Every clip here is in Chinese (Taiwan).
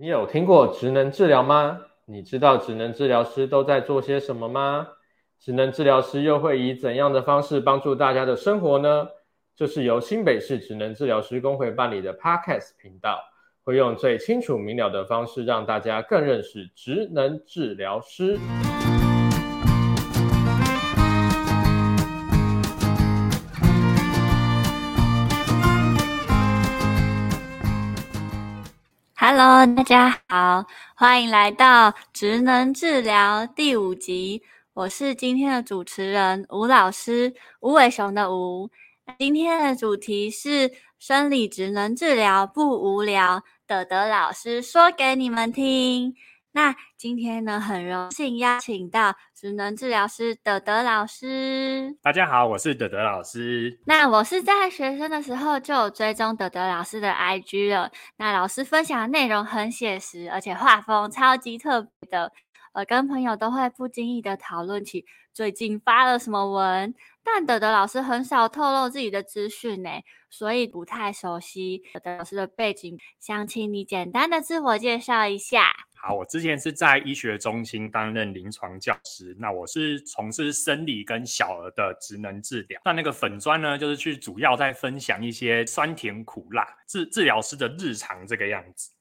你有聽過職能治療嗎？你知道職能治療師都在做些什麼嗎？職能治療師又會以怎樣的方式幫助大家的生活呢？這，就是由新北市職能治療師公會辦理的 Podcast 頻道，會用最清楚明了的方式讓大家更認識職能治療師。Hello，大家好，歡迎來到職能治療第五集。我是今天的主持人，吳老師，吳偉雄的吳。今天的主題是生理職能治療不無聊，德德老師說給你們聽。那今天呢，很榮幸邀請到職能治療師德德老師。大家好，我是德德老師。那我是在學生的時候就有追蹤德德老師的 IG 了。那老師分享的內容很寫實，而且畫風超級特別的。呃，跟朋友都會不經意的討論起最近發了什麼文，但德德老師很少透露自己的資訊呢，所以不太熟悉德德老師的背景。想請你簡單的自我介紹一下。好，我之前是在醫學中心擔任臨床教師，那我是從事生理跟小兒的職能治療。那那個粉專呢，就是去主要在分享一些酸甜苦辣治治療師的日常這個樣子。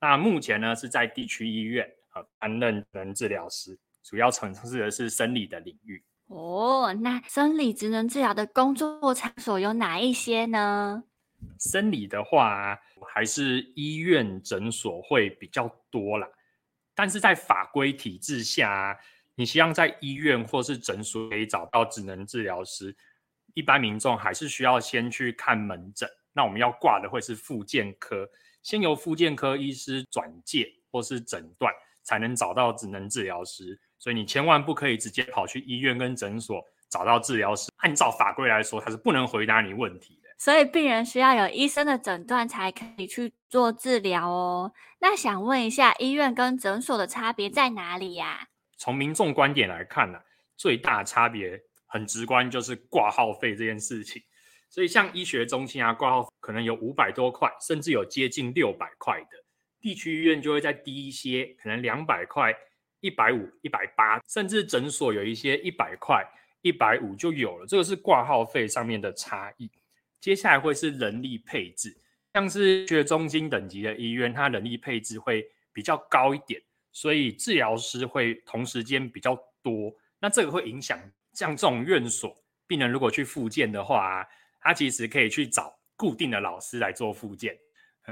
那目前呢是在地區醫院啊擔、呃、任職能治療師，主要從事的是生理的領域。哦，oh, 那生理職能治療的工作場所有哪一些呢？生理的話，還是醫院診所會比較多啦。但是在法規體制下，你希望在醫院或是診所可以找到職能治療師，一般民眾還是需要先去看門診。那我們要掛的會是復健科，先由復健科醫師轉介或是診斷，才能找到職能治療師。所以你千萬不可以直接跑去醫院跟診所找到治療師，按照法規來說，他是不能回答你問題的。所以病人需要有醫生的診斷才可以去做治療哦。那想問一下，醫院跟診所的差別在哪裡呀？啊？從民眾觀點來看、啊、最大差別很直觀就是掛號費這件事情。所以像醫學中心啊，掛號可能有五百多塊，甚至有接近六百塊的；地區醫院就會再低一些，可能兩百塊、一百五、一百八，甚至診所有一些一百塊、一百五就有了。這個是掛號費上面的差異。接下來會是人力配置，像是學中心等級的醫院，它人力配置會比較高一點，所以治療師會同時間比較多。那這個會影響像這種院所，病人如果去復健的話，啊，他其實可以去找固定的老師來做復健，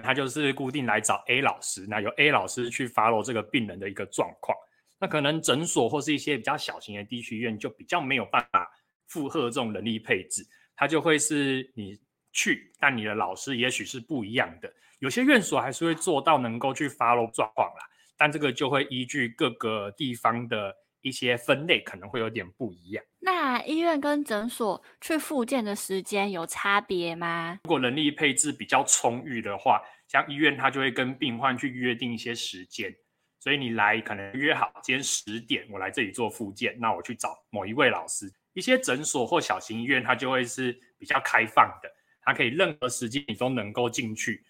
他就是固定來找 A 老師，那由 A 老師去 follow 這個病人的一個狀況。那可能診所或是一些比較小型的地區醫院，就比較沒有辦法負荷這種人力配置。他就會是你去，但你的老師也許是不一樣的。有些院所還是會做到能夠去 follow 狀況啦，但這個就會依據各個地方的一些分類，可能會有點不一樣。那醫院跟診所去復健的時間有差別嗎？如果人力配置比較充裕的話，像醫院他就會跟病患去約定一些時間，所以你來可能約好今天十點，我來這裡做復健，那我去找某一位老師。一些診所或小型醫院，它就會是比較開放的，它可以任何時間你都能夠進去，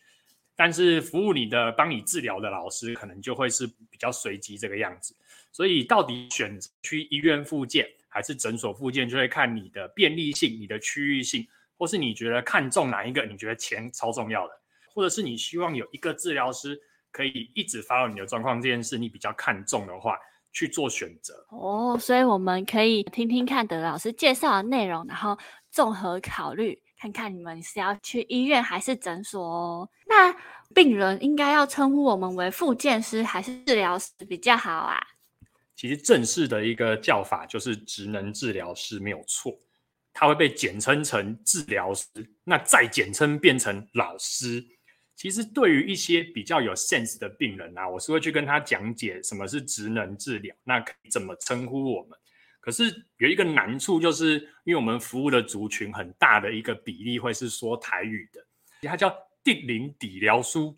但是服務你的、幫你治療的老師，可能就會是比較隨機這個樣子。所以到底選擇去醫院復健還是診所復健，就會看你的便利性、你的區域性，或是你覺得看中哪一個？你覺得錢超重要的，或者是你希望有一個治療師可以一直 follow 你的狀況這件事，你比較看重的話，去做選擇哦，oh, 所以我們可以聽聽看德老師介紹的內容，然後綜合考慮，看看你們是要去醫院還是診所哦。那病人應該要稱呼我們為復健師還是治療師比較好啊？其實正式的一個叫法就是職能治療師沒有錯，它會被簡稱成治療師，那再簡稱變成老師。其實對於一些比較有 sense 的病人啊，我是會去跟他講解什麼是職能治療，那可以怎麼稱呼我們？可是有一個難處，就是因為我們服務的族群很大的一個比例會是說台語的，它叫地靈底療書，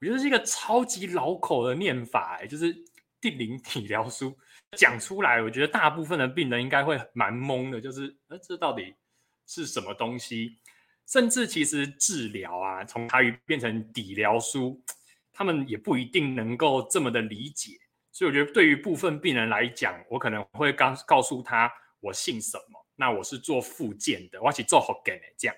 我覺得是一個超級老口的念法誒，就是地靈底療書。講出來，我覺得大部分的病人應該會蠻懵的，就是哎、呃，這到底是什麼東西？甚至其實治療啊，從台語變成底療書，他們也不一定能夠這麼的理解。所以我覺得，對於部分病人來講，我可能會剛告訴他我姓什麼，那我是做復健的，我要去做好給的這樣。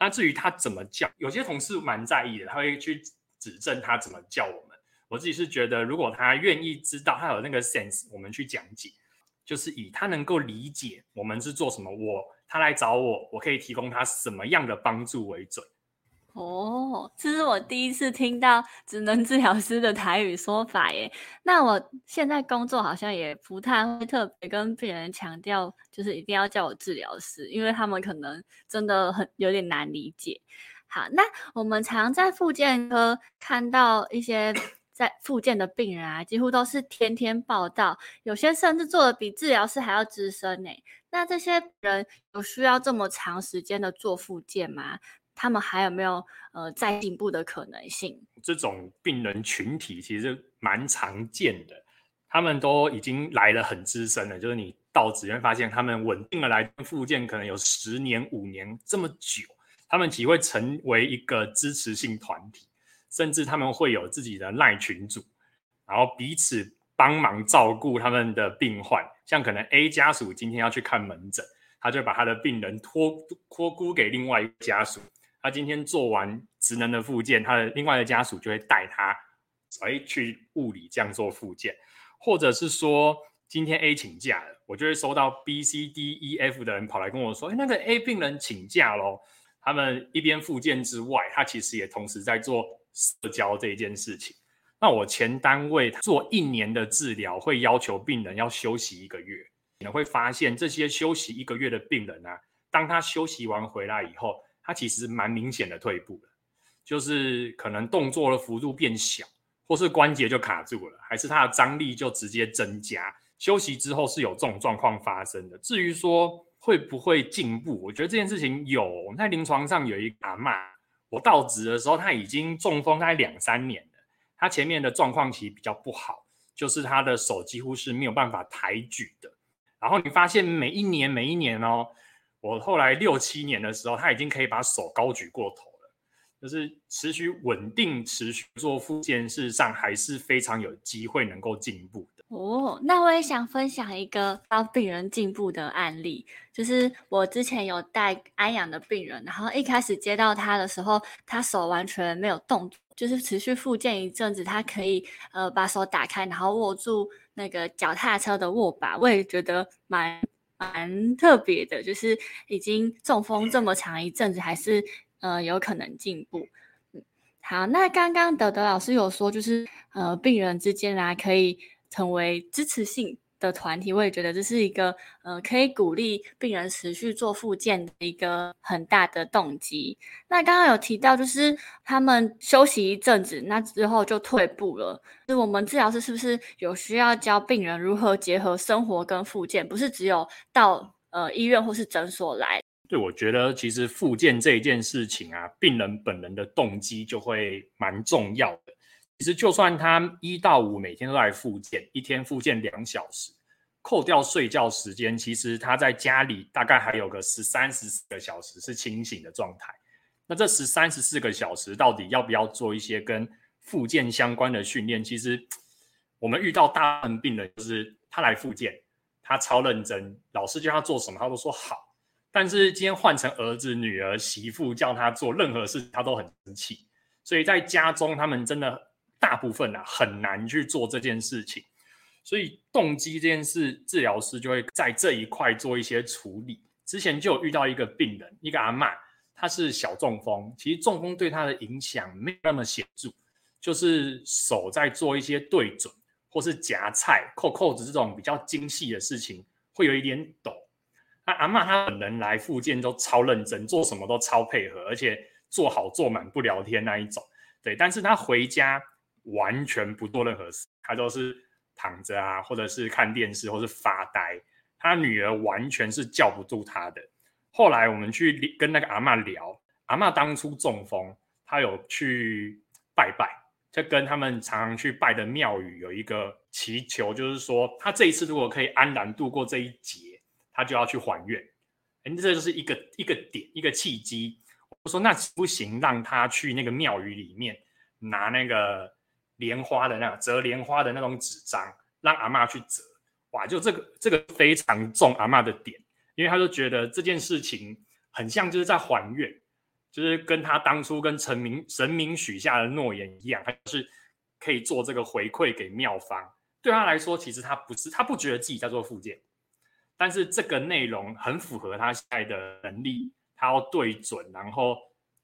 那至於他怎麼叫，有些同事蠻在意的，他會去指正他怎麼叫我們。我自己是覺得，如果他願意知道，他有那個 sense，我們去講解，就是以他能夠理解我們是做什麼。我。他來找我，我可以提供他什麼樣的幫助為準？哦，這是我第一次聽到“職能治療師”的台語說法耶。那我現在工作好像也不太會特別跟別人強調，就是一定要叫我治療師，因為他們可能真的很有點難理解。好，那我們常在復健科看到一些。 在復健的病人啊，幾乎都是天天報到，有些甚至做的比治療師還要資深呢、欸。那這些人有需要這麼長時間的做復健嗎？他們還有沒有呃再進步的可能性？這種病人群體其實蠻常見的，他們都已經來了很資深了，就是你到資源發現他們穩定的來復健，可能有十年、五年這麼久，他們只會成為一個支持性團體。甚至他們會有自己的賴群組，然後彼此幫忙照顧他們的病患。像可能 A 家屬今天要去看門診，他就把他的病人托托孤給另外一個家屬。他今天做完職能的復健，他的另外的家屬就會帶他誒去物理這樣做復健。或者是說，今天 A 請假了，我就會收到 B、C、D、E、F 的人跑來跟我說：“誒那個 A 病人請假嘍。”他們一邊復健之外，他其實也同時在做，社交這一件事情，那我前單位做一年的治療，會要求病人要休息一個月。你會發現這些休息一個月的病人呢、啊，當他休息完回來以後，他其實蠻明顯的退步了，就是可能動作的幅度變小，或是關節就卡住了，還是他的張力就直接增加。休息之後是有這種狀況發生的。至於說會不會進步，我覺得這件事情有，在臨床上有一個阿嬤。我到職的時候，他已經中風大概兩三年了。他前面的狀況其實比較不好，就是他的手幾乎是沒有辦法抬舉的。然後你發現每一年每一年哦，我後來六七年的時候，他已經可以把手高舉過頭了，就是持續穩定持續做復健，事實上還是非常有機會能夠進步。哦，那我也想分享一個幫病人進步的案例，就是我之前有帶安養的病人，然後一開始接到他的時候，他手完全沒有動作，就是持續復健一陣子，他可以呃把手打開，然後握住那個腳踏車的握把，我也覺得蠻蠻特別的，就是已經中風這麼長一陣子，還是呃有可能進步。嗯，好，那剛剛德德老師有說，就是呃病人之間啊可以。成為支持性的團體，我也覺得這是一個呃，可以鼓勵病人持續做復健的一個很大的動機。那剛剛有提到，就是他們休息一陣子，那之後就退步了。就是、我們治療師是不是有需要教病人如何結合生活跟復健？不是只有到呃醫院或是診所來。對，我覺得其實復健這一件事情啊，病人本人的動機就會蠻重要的。其實，就算他一到五每天都在復健，一天復健兩小時，扣掉睡覺時間，其實他在家裡大概還有個十三十四個小時是清醒的狀態。那這十三十四個小時到底要不要做一些跟復健相關的訓練？其實我們遇到大部分病人，就是他來復健，他超認真，老師叫他做什麼，他都說好。但是今天換成兒子、女兒、媳婦叫他做任何事，他都很生氣。所以在家中，他們真的。大部分呢、啊、很難去做這件事情，所以動機這件事，治療師就會在這一塊做一些處理。之前就有遇到一個病人，一個阿嬤，他是小中風，其實中風對他的影響沒那麼顯著，就是手在做一些對準或是夾菜、扣扣子這種比較精細的事情會有一點抖。那阿嬤他本人來復健都超認真，做什麼都超配合，而且做好做滿不聊天那一種，對，但是他回家。完全不做任何事，他都是躺着啊，或者是看電視，或者是發呆。他女兒完全是叫不住他的。後來我們去跟那個阿嬤聊，阿嬤當初中風，他有去拜拜，就跟他們常常去拜的廟宇有一個祈求，就是說他這一次如果可以安然度過這一劫，他就要去還願。人家這就是一個一個點，一個契機。我說那不行，讓他去那個廟宇裡面拿那個。蓮花的那種折蓮花的那種紙張，讓阿嬤去折，哇，就這個這個非常重阿嬤的點，因為他就覺得這件事情很像就是在還願，就是跟他當初跟神明神明許下的諾言一樣，他是可以做這個回饋給廟方。對他來說，其實他不是他不覺得自己在做復健，但是這個內容很符合他現在的能力，他要對準，然後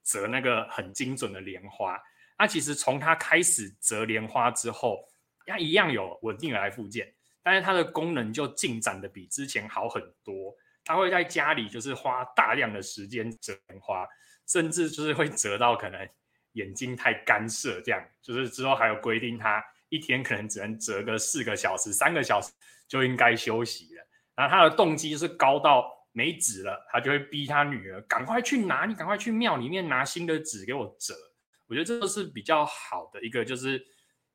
折那個很精準的蓮花。他、啊、其實從他開始折蓮花之後，他一樣有穩定的來復健，但是他的功能就進展的比之前好很多。他會在家裡就是花大量的時間折蓮花，甚至就是會折到可能眼睛太乾澀這樣，就是之後還有規定他一天可能只能折個四個小時、三個小時就應該休息了。然後他的動機就是高到沒紙了，他就會逼他女兒趕快去拿，你趕快去廟裡面拿新的紙給我折。我覺得這都是比較好的一個就是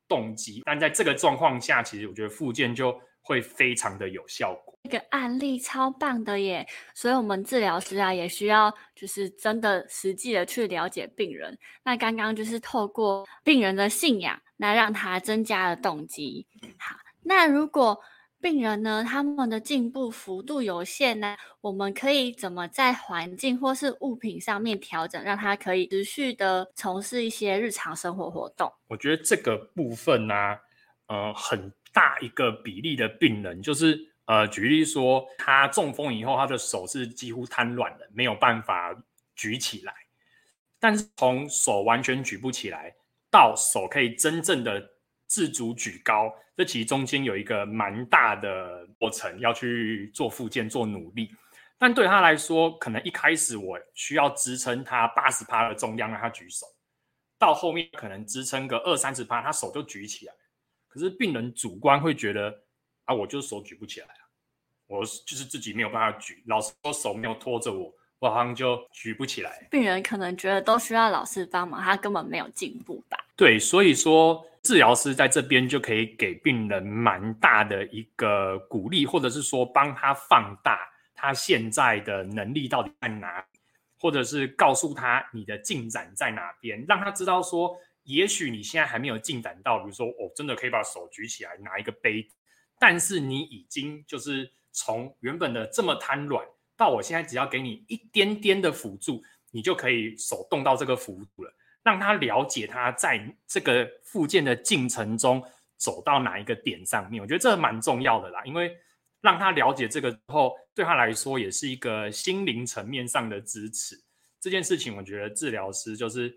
動機，但在這個狀況下，其實我覺得復健就會非常的有效果。這個案例超棒的耶，所以我們治療師啊也需要就是真的實際的去了解病人。那剛剛就是透過病人的信仰，那讓他增加了動機。好，那如果。病人呢，他們的進步幅度有限呢，我們可以怎麼在環境或是物品上面調整，讓他可以持續的從事一些日常生活活動？我覺得這個部分呢、啊，呃，很大一個比例的病人就是，呃，舉例說，他中風以後，他的手是幾乎癱軟的，沒有辦法舉起來，但是從手完全舉不起來到手可以真正的。自主舉高，這其中間有一個蠻大的過程，要去做復健、做努力。但對他來說，可能一開始我需要支撐他八十趴的重量，讓他舉手，到後面可能支撐個二三十趴，他手就舉起來。可是病人主觀會覺得啊，我就手舉不起來啊，我就是自己沒有辦法舉，老師手沒有托着我，我好像就舉不起來。病人可能覺得都需要老師幫忙，他根本沒有進步吧？對，所以說。治療師在這邊就可以給病人蠻大的一個鼓勵，或者是說幫他放大他現在的能力到底在哪，或者是告訴他你的進展在哪邊，讓他知道說，也許你現在還沒有進展到，比如說，我，哦，真的可以把手舉起來拿一個杯子，但是你已經就是從原本的這麼癱軟，到我現在只要給你一點點的輔助，你就可以手動到這個幅度了。讓他了解他在這個復健的進程中走到哪一個點上面，我覺得這蠻重要的啦。因為讓他了解這個之後，對他來說也是一個心靈層面上的支持。這件事情，我覺得治療師就是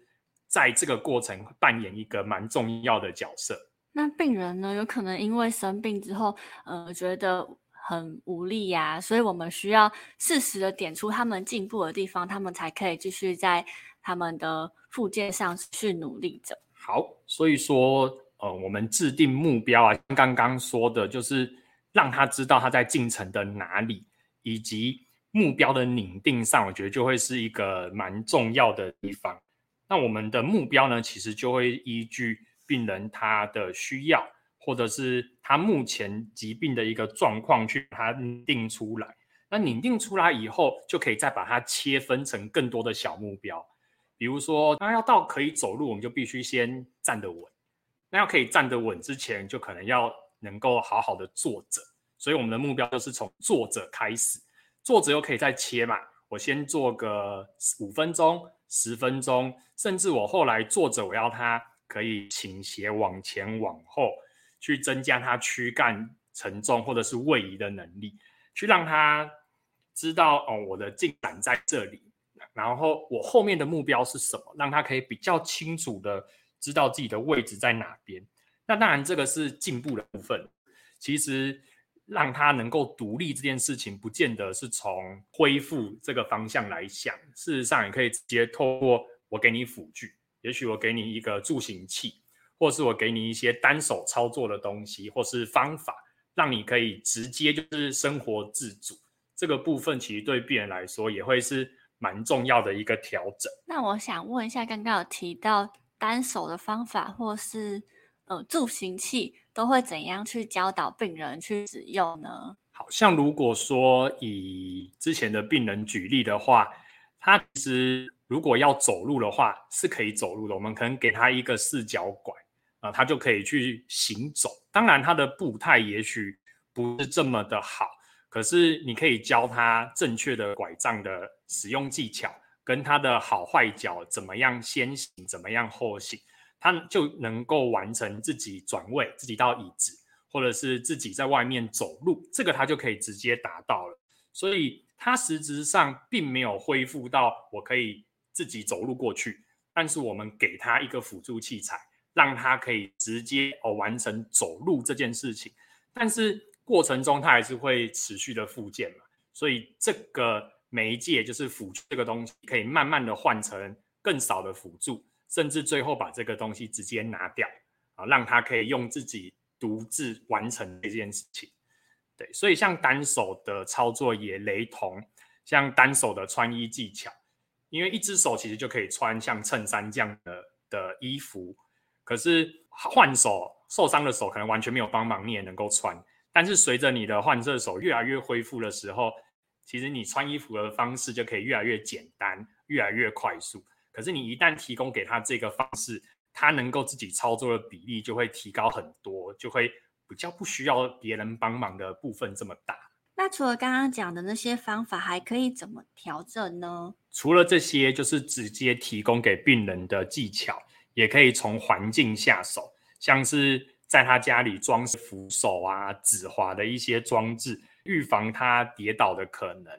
在這個過程扮演一個蠻重要的角色。那病人呢，有可能因為生病之後，呃，覺得很無力呀，啊，所以我們需要適時的點出他們進步的地方，他們才可以繼續在他們的。附件上去努力着。好，所以說，呃，我們制定目標啊，剛剛說的就是讓他知道他在進程的哪裡，以及目標的擬定上，我覺得就會是一個蠻重要的地方。那我們的目標呢，其實就會依據病人他的需要，或者是他目前疾病的一個狀況去把它定出來。那擬定出來以後，就可以再把它切分成更多的小目標。比如說，那要到可以走路，我們就必須先站得穩。那要可以站得穩之前，就可能要能夠好好的坐着。所以我們的目標就是從坐着開始，坐着又可以再切嘛。我先坐個五分鐘、十分鐘，甚至我後來坐着，我要他可以傾斜往前、往後，去增加他軀幹承重或者是位移的能力，去讓他知道哦，我的進展在這裡。然後我後面的目標是什麼？讓他可以比較清楚的知道自己的位置在哪邊。那當然，這個是進步的部分。其實讓他能夠獨立這件事情，不見得是從恢復這個方向來想。事實上，也可以直接透過我給你輔具，也許我給你一個助行器，或是我給你一些單手操作的東西，或是方法，讓你可以直接就是生活自主。這個部分其實對病人來說也會是。蠻重要的一個調整。那我想問一下，剛剛有提到單手的方法，或是呃助行器，都會怎樣去教導病人去使用呢？好像如果說以之前的病人舉例的話，他其實如果要走路的話是可以走路的。我們可能給他一個四腳拐啊，呃，他就可以去行走。當然，他的步態也許不是這麼的好。可是你可以教他正確的拐杖的使用技巧，跟他的好壞腳怎麼樣先行，怎麼樣後行，他就能夠完成自己轉位、自己到椅子，或者是自己在外面走路，這個他就可以直接達到了。所以他實質上並沒有恢復到我可以自己走路過去，但是我們給他一個輔助器材，讓他可以直接哦完成走路這件事情，但是。過程中，它還是會持續的復健嘛，所以這個媒介就是輔助這個東西，可以慢慢的換成更少的輔助，甚至最後把這個東西直接拿掉啊，讓它可以用自己獨自完成這件事情。對，所以像單手的操作也雷同，像單手的穿衣技巧，因為一只手其實就可以穿像襯衫這樣的的衣服，可是換手受傷的手可能完全沒有幫忙，你也能夠穿。但是，隨着你的患者，手越來越恢復的時候，其實你穿衣服的方式就可以越來越簡單、越來越快速。可是你一旦提供給他這個方式，他能夠自己操作的比例就會提高很多，就會比較不需要別人幫忙的部分這麼大。那除了剛剛講的那些方法，還可以怎麼調整呢？除了這些，就是直接提供給病人的技巧，也可以從環境下手，像是。在他家裡裝扶手啊、止滑的一些裝置，預防他跌倒的可能。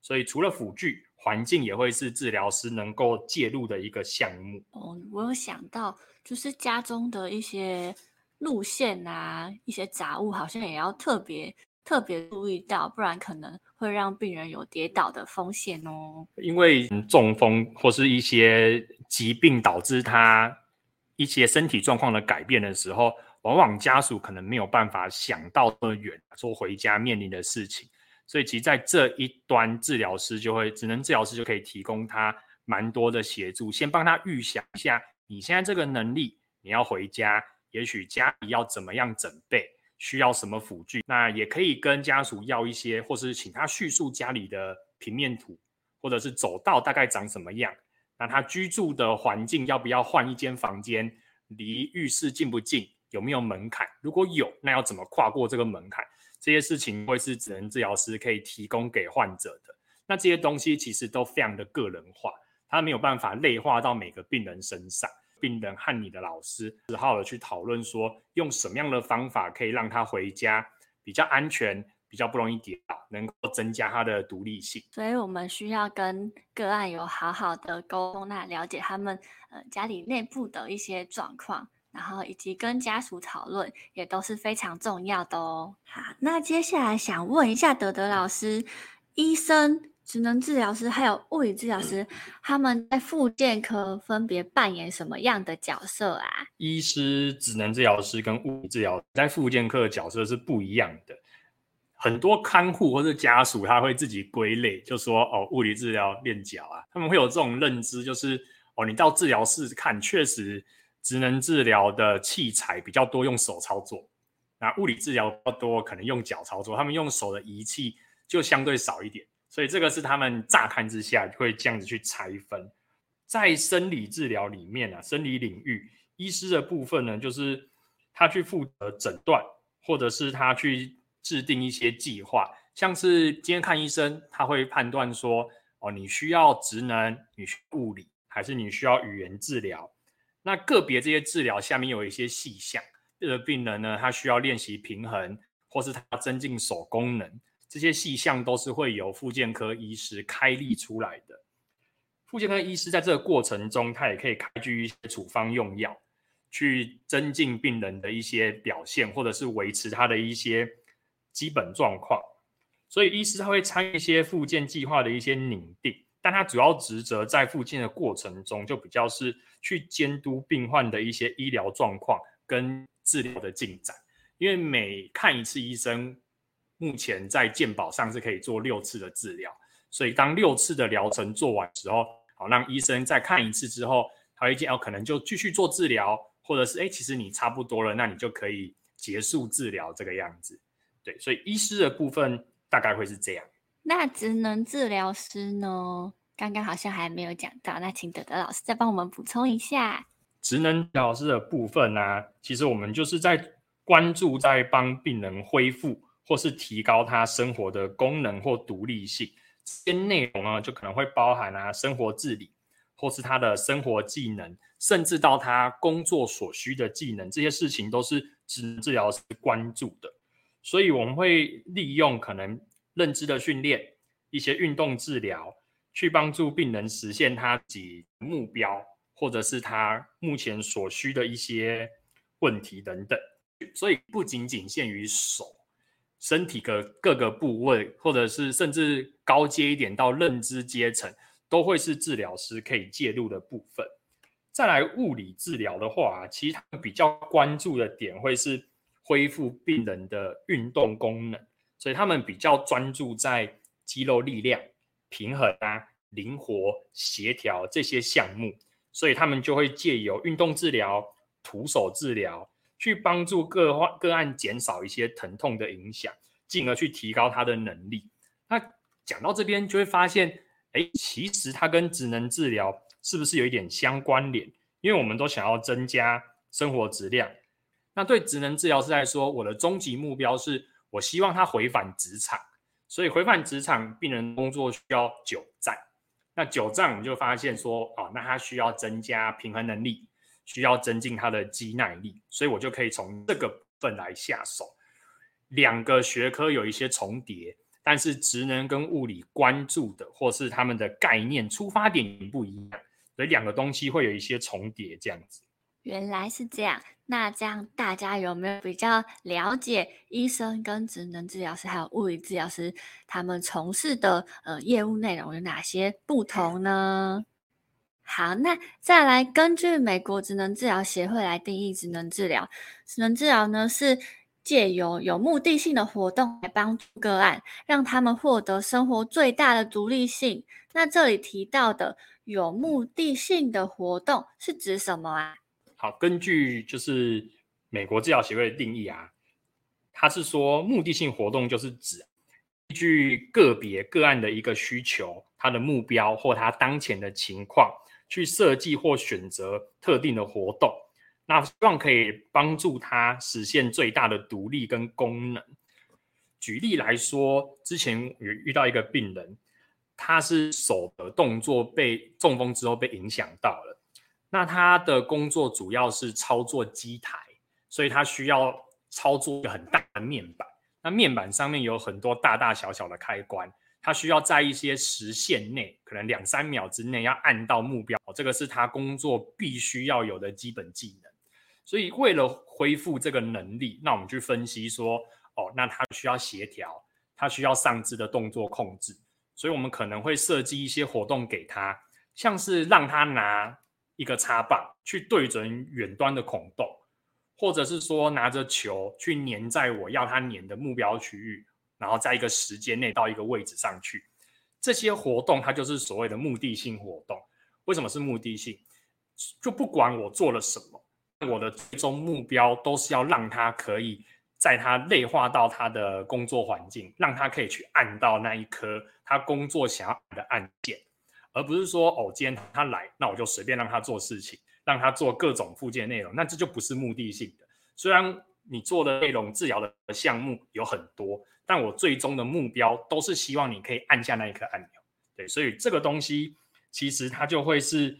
所以除了輔具，環境也會是治療師能夠介入的一個項目。哦，我有想到，就是家中的一些路線啊、一些雜物，好像也要特別特別注意到，不然可能會讓病人有跌倒的風險哦。因為中風或是一些疾病導致他一些身體狀況的改變的時候。往往家屬可能沒有辦法想到那麼遠，說回家面臨的事情，所以其實，在這一端，治療師就會，職能治療師就可以提供他蠻多的協助，先幫他預想一下，你現在這個能力，你要回家，也許家裡要怎麼樣準備，需要什麼輔具，那也可以跟家屬要一些，或是請他敘述家裡的平面圖，或者是走道大概長什麼樣，那他居住的環境要不要換一間房間，離浴室近不近？有沒有門檻？如果有，那要怎麼跨過這個門檻？這些事情會是職能治療師可以提供給患者的。那這些東西其實都非常的個人化，他沒有辦法類化到每個病人身上。病人和你的老師只好的去討論說，用什麼樣的方法可以讓他回家比較安全，比較不容易跌倒，能夠增加他的獨立性。所以我們需要跟個案有好好的溝通，那了解他們呃家裡內部的一些狀況。然後以及跟家屬討論也都是非常重要的哦。好，那接下來想問一下德德老師，醫生、職能治療師還有物理治療師，他們在復健科分別扮演什麼樣的角色啊？醫師、職能治療師跟物理治療師在復健科的角色是不一樣的。很多看護或是家屬他會自己歸類，就說哦，物理治療練腳啊，他們會有這種認知，就是哦，你到治療室看，確實。職能治療的器材比較多，用手操作；那物理治療多可能用腳操作。他們用手的儀器就相對少一點，所以這個是他們乍看之下就會這樣子去拆分。在生理治療裡面啊，生理領域，醫師的部分呢，就是他去負責診斷，或者是他去制定一些計劃。像是今天看醫生，他會判斷說：哦，你需要職能，你需物理，還是你需要語言治療。那個別這些治療下面有一些細項，這個病人呢，他需要練習平衡，或是他增進手功能，這些細項都是會由復健科醫師開立出來的。復健科醫師在這個過程中，他也可以開具一些處方用藥，去增進病人的一些表現，或者是維持他的一些基本狀況。所以醫師他會參與一些復健計劃的一些擬定。但他主要職責在附近的過程中，就比較是去監督病患的一些醫療狀況跟治療的進展。因為每看一次醫生，目前在健保上是可以做六次的治療，所以當六次的療程做完之後，好讓醫生再看一次之後，他會見哦，可能就繼續做治療，或者是哎、欸，其實你差不多了，那你就可以結束治療這個樣子。對，所以醫師的部分大概會是這樣。那職能治療師呢？剛剛好像還沒有講到，那請德德老師再幫我們補充一下。職能治療師的部分呢，啊，其實我們就是在關注，在幫病人恢復，或是提高他生活的功能或獨立性。這些內容呢，就可能會包含啊，生活自理，或是他的生活技能，甚至到他工作所需的技能，這些事情都是職能治療師關注的。所以我們會利用可能認知的訓練，一些運動治療，去幫助病人實現他自己的目標，或者是他目前所需的一些問題等等。所以不僅僅限於手，身體的各個部位，或者是甚至高階一點到認知階層，都會是治療師可以介入的部分。再來，物理治療的話，其實他比較關注的點會是恢復病人的運動功能。所以他們比較專注在肌肉力量、平衡啊、靈活、協調這些項目，所以他們就會借由運動治療、徒手治療去幫助各個案減少一些疼痛的影響，進而去提高他的能力。那講到這邊就會發現，誒，其實它跟職能治療是不是有一點相關聯？因為我們都想要增加生活質量。那對職能治療師來說，我的終極目標是。我希望他回返職場，所以回返職場，病人工作需要久站，那久站你就發現說，哦、啊，那他需要增加平衡能力，需要增進他的肌耐力，所以我就可以從這個部分來下手。兩個學科有一些重疊，但是職能跟物理關注的或是他們的概念出發點不一樣，所以兩個東西會有一些重疊這樣子。原來是這樣。那這樣，大家有沒有比較了解醫生跟職能治療師還有物理治療師他們從事的呃業務內容有哪些不同呢？好，那再來根據美國職能治療協會來定義職能治療。職能治療呢，是借由有目的性的活動來幫助個案，讓他們獲得生活最大的獨立性。那這裡提到的有目的性的活動是指什麼啊？好，根據就是美國治療協會的定義啊，他是說目的性活動就是指依據個別個案的一個需求，他的目標或他當前的情況去設計或選擇特定的活動，那希望可以幫助他實現最大的獨立跟功能。舉例來說，之前有遇到一個病人，他是手的動作被中風之後被影響到了。那他的工作主要是操作機台，所以他需要操作一個很大的面板。那面板上面有很多大大小小的開關，他需要在一些時限內，可能兩三秒之內要按到目標，這個是他工作必須要有的基本技能。所以為了恢復這個能力，那我們去分析說，哦，那他需要協調，他需要上肢的動作控制，所以我們可能會設計一些活動給他，像是讓他拿。一個插棒去對準遠端的孔洞，或者是說拿着球去粘在我要它粘的目標區域，然後在一個時間內到一個位置上去。這些活動它就是所謂的目的性活動。為什麼是目的性？就不管我做了什麼，我的最終目標都是要讓它可以在它類化到它的工作環境，讓它可以去按到那一顆它工作想要的按鍵。而不是說哦，今天他來，那我就隨便讓他做事情，讓他做各種復健內容，那這就不是目的性的。雖然你做的內容治療的項目有很多，但我最終的目標都是希望你可以按下那一顆按鈕。對，所以這個東西其實它就會是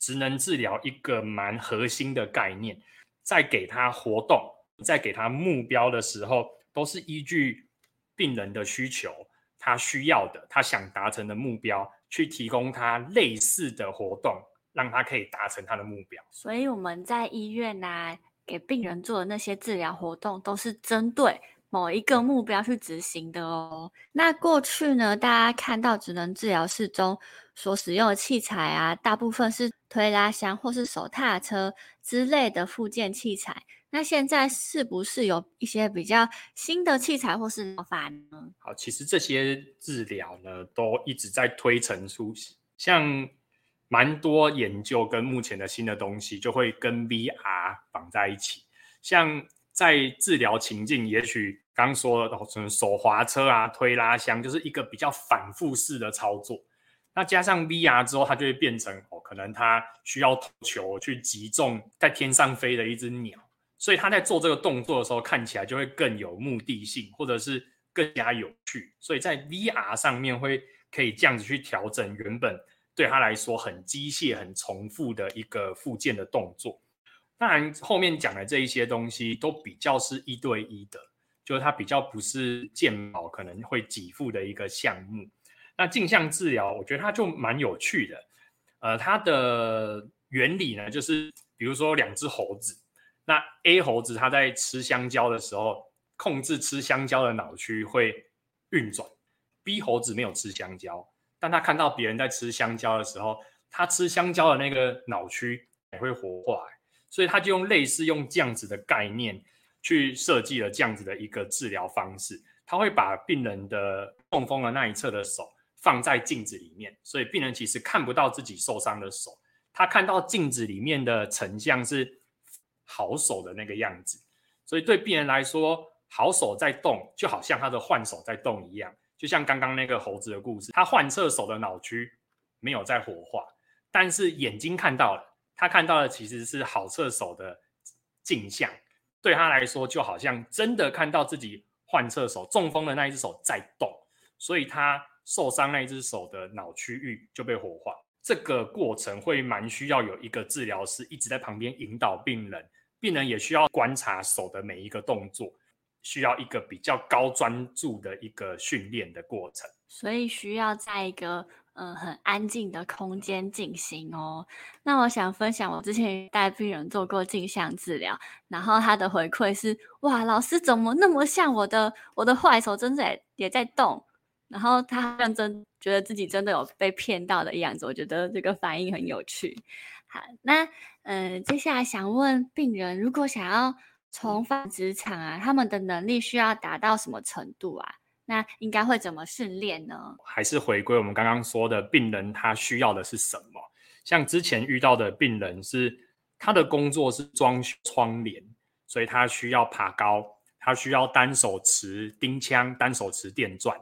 職能治療一個蠻核心的概念，在給他活動、在給他目標的時候，都是依據病人的需求，他需要的，他想達成的目標。去提供他類似的活動，讓他可以達成他的目標。所以我們在醫院啊，給病人做的那些治療活動，都是針對某一個目標去執行的哦。那過去呢，大家看到職能治療室中所使用的器材啊，大部分是推拉箱或是手踏車之類的復健器材。那現在是不是有一些比較新的器材或是療法呢？好，其實這些治療呢，都一直在推陳出新，像蠻多研究跟目前的新的東西，就會跟 VR 綁在一起。像在治療情境，也許剛剛說的什麼、哦、手滑車啊、推拉箱，就是一個比較反覆式的操作。那加上 VR 之後，它就會變成哦，可能它需要投球去擊中在天上飛的一隻鳥。所以他在做這個動作的時候，看起來就會更有目的性，或者是更加有趣。所以在 VR 上面會可以這樣子去調整原本對他來說很機械、很重複的一個復健的動作。當然，後面講的這一些東西都比較是一對一的，就是它比較不是健保可能會給付的一個項目。那鏡像治療，我覺得它就蠻有趣的。呃，它的原理呢，就是比如說兩隻猴子。那 A 猴子，它在吃香蕉的時候，控制吃香蕉的腦區會運轉。B 猴子沒有吃香蕉，但他看到別人在吃香蕉的時候，他吃香蕉的那個腦區也會活化。所以他就用類似用這樣子的概念去設計了這樣子的一個治療方式。他會把病人的中風的那一側的手放在鏡子裡面，所以病人其實看不到自己受傷的手，他看到鏡子裡面的成像是，好手的那個樣子，所以對病人來說，好手在動，就好像他的患手在動一樣。就像剛剛那個猴子的故事，他患側手的腦區沒有在活化，但是眼睛看到了，他看到的其實是好側手的鏡像。對他來說，就好像真的看到自己患側手中風的那一只手在動，所以他受傷那一只手的腦區域就被活化。這個過程會蠻需要有一個治療師一直在旁邊引導病人。病人也需要觀察手的每一個動作，需要一個比較高專注的一個訓練的過程，所以需要在一個嗯、呃、很安靜的空間進行哦。那我想分享我之前帶病人做過鏡像治療，然後他的回饋是：哇，老師怎麼那麼像我的我的壞手，真的也在動。然後他好像真覺得自己真的有被騙到的樣子，我覺得這個反應很有趣。好，那呃，接下來想問病人，如果想要重返職場啊，他們的能力需要達到什麼程度啊？那應該會怎麼訓練呢？還是回歸我們剛剛說的，病人他需要的是什麼？像之前遇到的病人是他的工作是裝窗簾，所以他需要爬高，他需要單手持釘槍，單手持電鑽，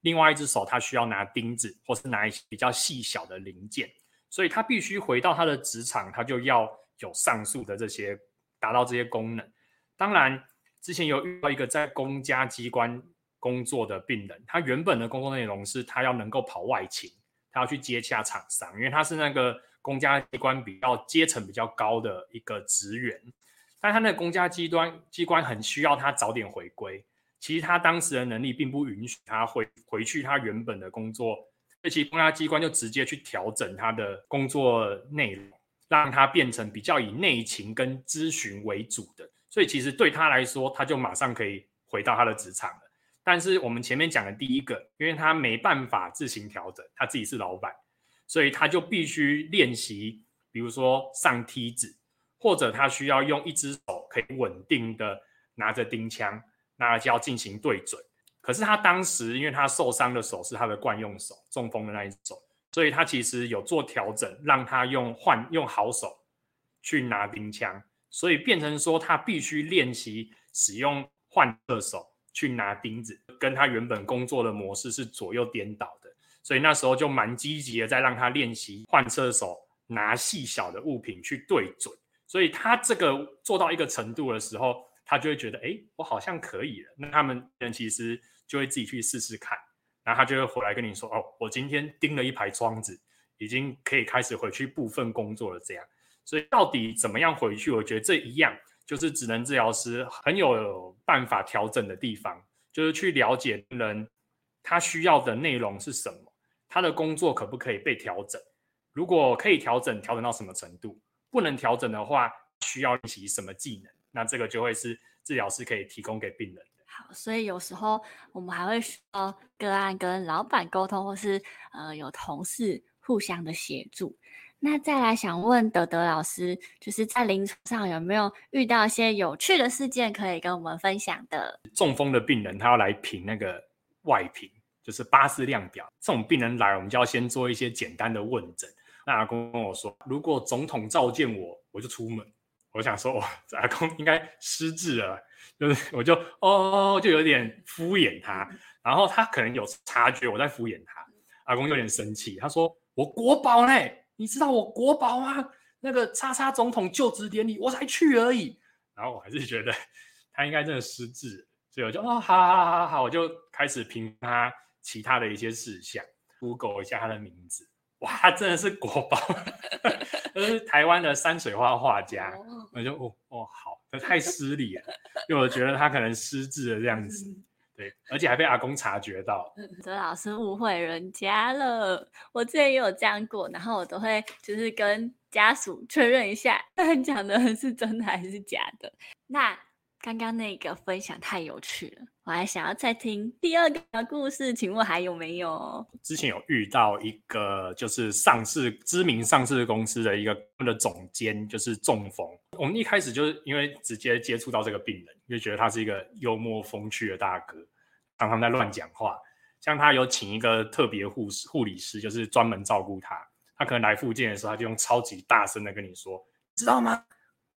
另外一隻手他需要拿釘子或是拿一些比較細小的零件。所以他必須回到他的職場，他就要有上述的這些，達到這些功能。當然，之前有遇到一個在公家機關工作的病人，他原本的工作內容是他要能夠跑外勤，他要去接洽廠商，因為他是那個公家機關比較階層比較高的一個職員。但他那個公家機關機關很需要他早點回歸，其實他當時的能力並不允許他回回去他原本的工作。所以其實，其他機關就直接去調整他的工作內容，讓他變成比較以內勤跟諮詢為主的。所以，其實對他來說，他就馬上可以回到他的職場了。但是，我們前面講的第一個，因為他沒辦法自行調整，他自己是老板，所以他就必須練習，比如說上梯子，或者他需要用一隻手可以穩定的拿着釘槍，那就要進行對準。可是他當時，因為他受傷的手是他的慣用手，中風的那一隻手，所以他其實有做調整，讓他用換用好手去拿釘槍，所以變成說他必須練習使用換側手去拿釘子，跟他原本工作的模式是左右顛倒的，所以那時候就蠻積極的在讓他練習換側手拿細小的物品去對準，所以他這個做到一個程度的時候，他就會覺得，哎，我好像可以了。那他們人其實。就會自己去試試看，然後他就會回來跟你說：“哦，我今天釘了一排窗子，已經可以開始回去部分工作了。”這樣，所以到底怎麼樣回去？我覺得這一樣就是職能治療師很有辦法調整的地方，就是去了解人他需要的內容是什麼，他的工作可不可以被調整？如果可以調整，調整到什麼程度？不能調整的話，需要練習什麼技能？那這個就會是治療師可以提供給病人。所以有時候我們還會說個案跟老板溝通，或是呃有同事互相的協助。那再來想問德德老師，就是在臨床上有沒有遇到一些有趣的事件可以跟我們分享的？中風的病人他要來評那個外評，就是巴氏量表。這種病人來，我們就要先做一些簡單的問診。那阿公跟我說，如果總統召見我，我就出門。我想說，哇，阿公應該失智了。就是我就哦，就有點敷衍他，然後他可能有察覺我在敷衍他，阿公有點生氣，他說，我國寶呢，你知道我國寶嗎？那個叉叉總統就職典禮我才去而已，然後我還是覺得他應該真的失智，所以我就哦，好好好好，我就開始評他其他的一些事項，Google 一下他的名字，哇，他真的是國寶， 是台灣的山水畫畫家，哦、我就哦哦好。太失禮了， 因為我覺得他可能失智了這樣子， 對，而且還被阿公察覺到。德德、嗯、老師誤會人家了，我之前也有這樣過，然後我都會就是跟家屬確認一下，他們講的是真的還是假的。那剛剛那個分享太有趣了，我還想要再聽第二個故事，請問還有沒有？之前有遇到一個就是上市知名上市公司的一個的、那個、總監，就是中風。我們一開始就是因為直接接觸到這個病人，就覺得他是一個幽默風趣的大哥，常常在亂講話。像他有請一個特別護士、護理師，就是專門照顧他。他可能來附近的時候，他就用超級大聲的跟你說，知道嗎？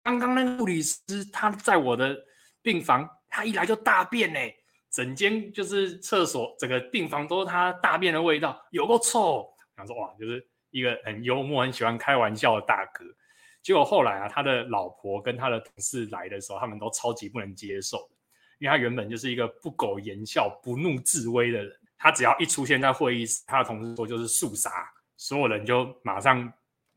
剛剛那個護理師他在我的病房，他一來就大便呢、欸，整間就是廁所、整個病房都是他大便的味道，有夠臭。然後說哇，就是一個很幽默、很喜歡開玩笑的大哥。結果後來啊，他的老婆跟他的同事來的時候，他們都超級不能接受，因為他原本就是一個不苟言笑、不怒自威的人。他只要一出現在會議室，他的同事說就是肅殺，所有人就馬上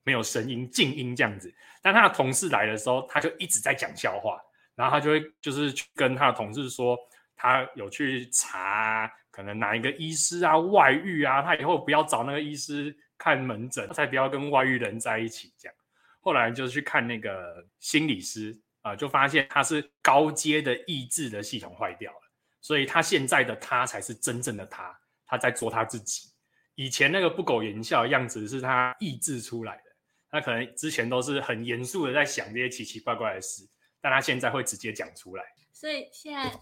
沒有聲音、靜音這樣子。但他的同事來的時候，他就一直在講笑話，然後他就會就是去跟他的同事說，他有去查可能哪一個醫師啊外遇啊，他以後不要找那個醫師看門診，他才不要跟外遇人在一起這樣。後來就去看那個心理師啊，呃，就發現他是高階的抑制的系統壞掉了，所以他現在的他才是真正的他，他在做他自己。以前那個不苟言笑的樣子是他抑制出來的，他可能之前都是很嚴肅的在想這些奇奇怪，怪怪的事，但他現在會直接講出來。所以現在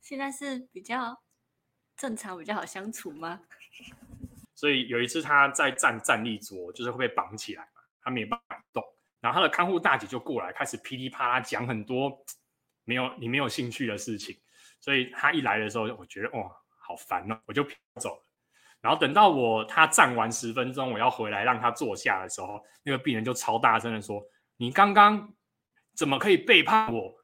現在是比較正常，比較好相處嗎？ 所以有一次他在站站立桌，就是會被綁起來嘛，他沒有辦法動。然後他的看護大姐就過來，開始噼里啪啦講很多沒有你沒有興趣的事情。所以他一來的時候，我覺得哇、哦，好煩哦，我就走了。然後等到我他站完十分鐘，我要回來讓他坐下的時候，那個病人就超大聲的說：“你剛剛怎麼可以背叛我？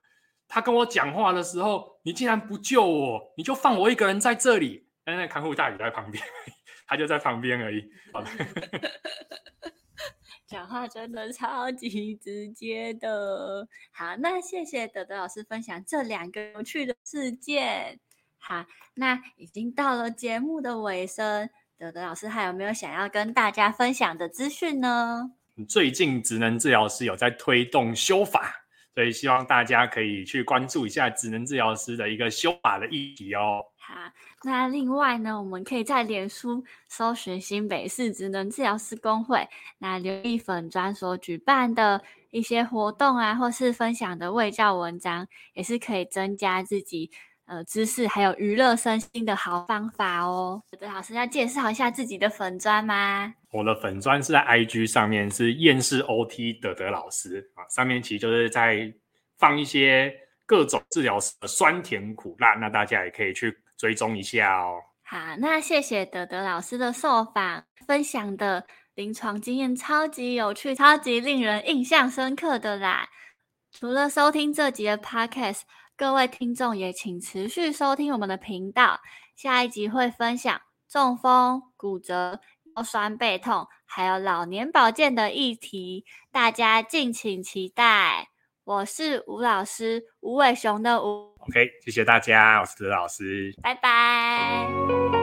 他跟我講話的時候，你竟然不救我，你就放我一個人在這裡。”但那個看護大姐在旁邊呵呵，他就在旁邊而已。好了 講話真的超級直接的。好，那謝謝德德老師分享這兩個有趣的事件。好，那已經到了節目的尾聲，德德老師還有沒有想要跟大家分享的資訊呢？最近職能治療師有在推動修法，所以希望大家可以去關注一下職能治療師的一個修法的議題哦。啊，那另外呢，我們可以在臉書搜尋新北市職能治療師公會，那留意粉專所舉辦的一些活動啊，或是分享的衛教文章，也是可以增加自己呃知識，還有娛樂身心的好方法哦。德德老師要介紹一下自己的粉專嗎？我的粉專是在 IG 上面，是厭世 OT 的德德老師啊，上面其實就是在放一些各種治療師的酸甜苦辣，那大家也可以去。追蹤一下哦。好，那謝謝德德老師的受訪分享的臨床經驗，超級有趣，超級令人印象深刻的啦。除了收聽這集的 podcast，各位聽眾也請持續收聽我們的頻道。下一集會分享中風、骨折、腰痠背痛，還有老年保健的議題，大家敬請期待。我是吳老師，吳偉雄的吳。OK，謝謝大家，我是德老師，拜拜。